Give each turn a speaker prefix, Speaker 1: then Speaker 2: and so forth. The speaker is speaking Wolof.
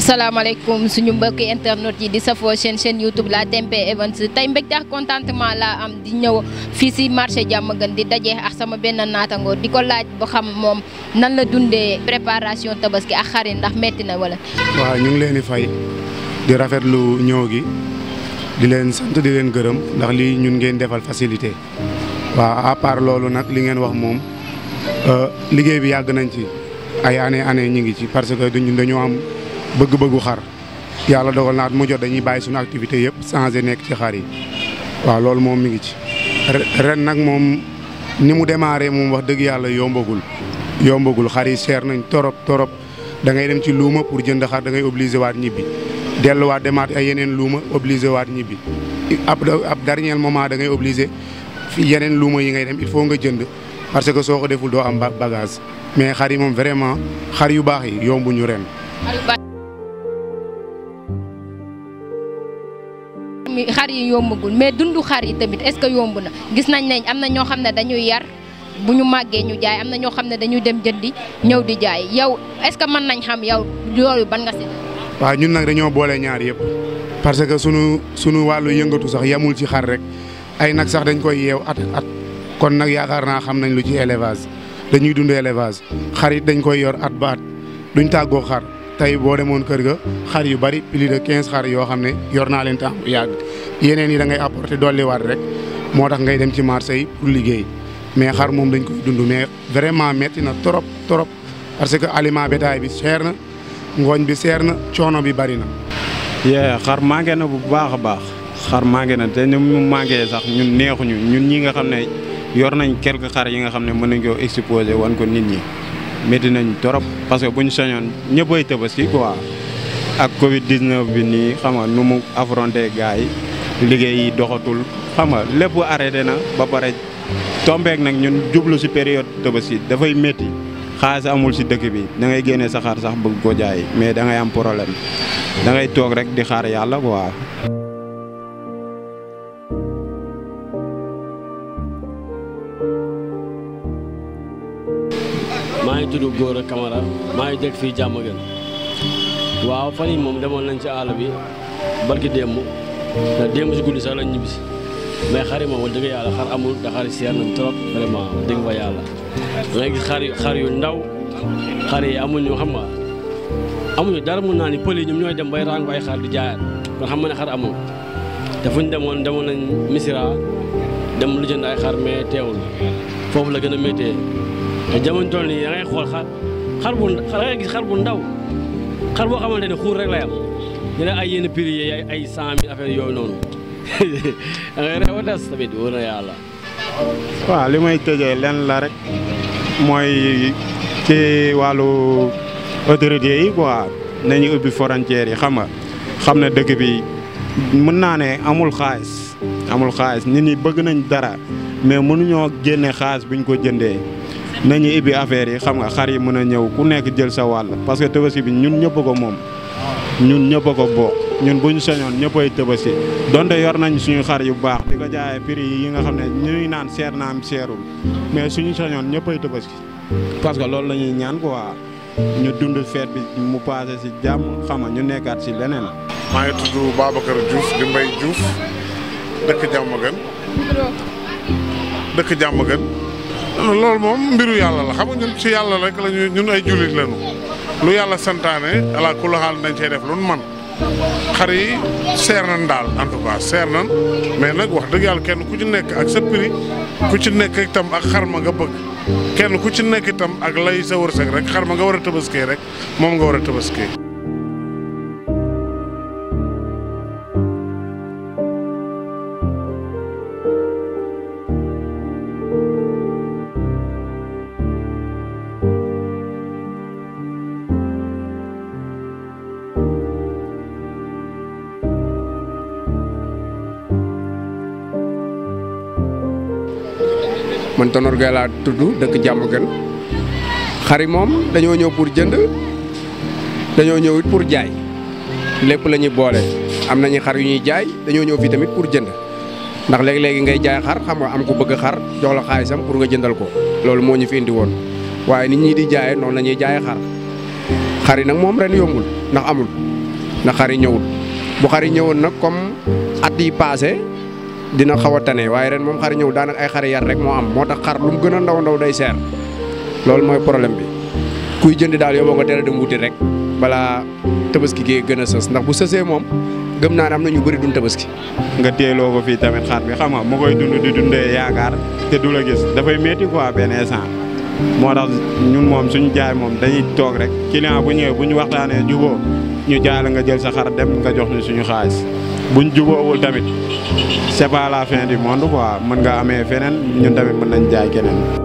Speaker 1: Assalamualaikum suñu mbokk internet yi di safo chaîne chaîne youtube la tempé Events tay mbek tax contentement la am di ñëw fi ci marché Diamaguène di dajé ak sama ben natango di laaj mom xam mom nan la dundé préparation tabaski ak xari ndax metti na wala
Speaker 2: wa ñu ngi leen di fay di rafetlu ñëw gi di len sante di len gëreum ndax li ñun ngeen défal facilité waaw à part loolu nag li ngeen wax moom euh, liggéey bi yàgg nañ ci ay année année ñi ngi ci parce que dañu dañoo am bëgg-bëggu xar yàlla dogal naat mu jot dañuy bàyyi suñu activité yëpp changé nekk ci xar yi waaw loolu moom mi ngi ci ren nag moom ni mu démarré moom wax dëgg yàlla yombagul yombagul xar yi seer nañ torop torop da ngay dem ci luuma pour jënd xar dangay ngay waat ñibbi delluwaat demaat ay yeneen luuma obligé waat ñibbi ab ab dernier moment da ngay obligé fi yenen luma yi ngay dem il faut nga jënd parce que soko deful do am bagage mais xari mom vraiment xar yu bax yi ñu ren.
Speaker 1: xar yi yombagul mais dundu xar yi tamit est-ce que yombuna na gis nañ ne amna ño xamne dañuy yar bu ñu màggee ñu jaay amna ño xamne dañuy dem jëndi ñew di jaay yow est-ce que man nañ xam yow yoyu ban nga ci
Speaker 2: wa ñun nak dañoo boole ñaar yépp parce que suñu suñu walu yëngatu sax yamul ci xar rek. ay nag sax dañ koy yeew at at kon nag yaakaar naa xam nañ lu ci élevage dañuy dund élevage xar it dañ koy yor at ba at duñ tàggoo xar tey boo demoon kër ga xar yu bari plus de quinze xar yoo xam ne yor naa leen temps yàgg yeneen yi dangay ngay apporter dolliwaat rek moo tax ngay dem ci marché yi pour liggéey mais xar moom dañ koy dund mais vraiment metti na trop trop parce que aliment bétail bi cher na ngooñ bi seer na coono bi bari na.
Speaker 3: yee xar manqué na bu baax a baax. xar manqué na te ni mu manqué sax ñun neexuñu ñun ñi nga xam ne yor nañ quelque xar yi nga xam ne mën nañ koo exposé wan ko nit ñi métti nañ torop parce que ñu sañoon ñëppay tabaski quoi ak Covid 19 bi nii xam nga nu mu affronté gars yi liggéey yi doxatul xam nga lépp arrêté na ba pare tombeek nag ñun jublu si période tabaski dafay métti xaalis amul si dëkk bi da ngay génnee sa xar sax bëgg ko jaay mais da ngay am problème da toog rek di xaar yàlla quoi.
Speaker 4: maa ngi tudd Gora Camara maa ngi dëkk fii jàmm gën waaw fan yi moom demoon nañ ci àll bi barki démb te démb si guddi sax lañ ñibbisi mais xar yi moom wax dëgg yàlla xar amul da xar yi seer nañ yu ndaw xar yi amuñu xam nga amuñu dara mun naa ni pël yi ñoom ñooy dem bay ràngu ay xar di jaayaat kon xam nga ne xar amul te fu ñu demoon demoon nañ Missirah dem lu jënd ay xar mais teewul foofu la gën a méttee. te jamono toll nii da ngay xool xar xar bu ndaw xar boo xamante ne xuur rek la yam ay yenn prix yi ay ay cent mille affaire noonu da ngay reew a des tamit wóor na yàlla.
Speaker 3: waaw li may tëjee lenn la rek mooy ci wàllu autorités yi quoi nañu ubbi frontières yi xam xam ne dëkk bi mën naa ne amul xaalis amul xaalis nit ñi bëgg nañ dara mais mënuñoo génne xaalis buñ ko jëndee. nañu ibbi affaire yi xam nga xar yi mën a ñëw ku nekk jël sa wàll parce que tabaski bi ñun ñëpp ko moom ñun ñëpp ko bokk ñun bu ñu sañoon ñëppay tabaski donte yor nañ suñu xar yu baax di ko jaayee piri yi nga xam ne ñu ngi naan seer naam seerul mais suñu sañoon ñëppay tabaski parce que loolu la ñuy ñaan quoi ñu dund feet bi mu passé si jàmm xam nga ñu nekkaat si leneen. maa ngi tudd Babacar Diouf di Mbaye Diouf dëkk Diamaguène dëkk loolu moom mbiru yàlla la xam nga ñun ci yàlla rek la ñun ay jullit lañu lu yàlla santaane ala kulli xaal dañ cey def lu man xar yi seer nañ daal en tout cas seer nañ mais nag wax dëgg yàlla kenn ku ci nekk ak sa ku ci nekk itam ak xar ma nga bëgg kenn ku ci nekk itam ak lay sa wërsëg rek xar ma nga war a tëbaskee rek
Speaker 2: moom nga war a tëbaskee
Speaker 5: man tonor Gaye laa tudd dëkk Hari mom, xar yi moom pour jënd dañoo ñew it pour jaay lepp lañu ñuy boole am nañu xar yu ñuy jaay dañoo ñew fi tamit pour jënd ndax léegi-léegi ngay jaay xar xam nga am ko bëgg xar jox la xaalisam pour nga jëndal ko loolu mo ñu fi indi woon waye nit ñi di jaay non lañuy jaay xar xari nak mom ren yomul ndax amul nak xari ñewul bu xari ñewon nak comme at yi passé dina xaw a tane waaye ren moom xar ñëw daanaka ay xar yar rek moo am moo tax xar lu mu gën a ndaw ndaw day seer loolu mooy problème bi kuy jënd daal yow moo ko teel a dem wuti rek balaa tabaski kee gën a sës ndax bu sësee moom gëm naa ne am na ñu bëri dun tabaski. nga teeloo ko fii tamit xar bi xam nga mu koy dund di dundee yaakaar te du la gis
Speaker 3: dafay métti quoi benn instant moo tax ñun moom suñu jaay moom dañuy toog rek client bu ñëwee bu ñu waxtaanee jugoo ñu jaay nga jël sa xar dem nga jox ñu suñu xaalis. buñ juboowul tamit c'est pas la fin du monde quoi mën nga amee feneen ñun tamit mën nañ jaay keneen.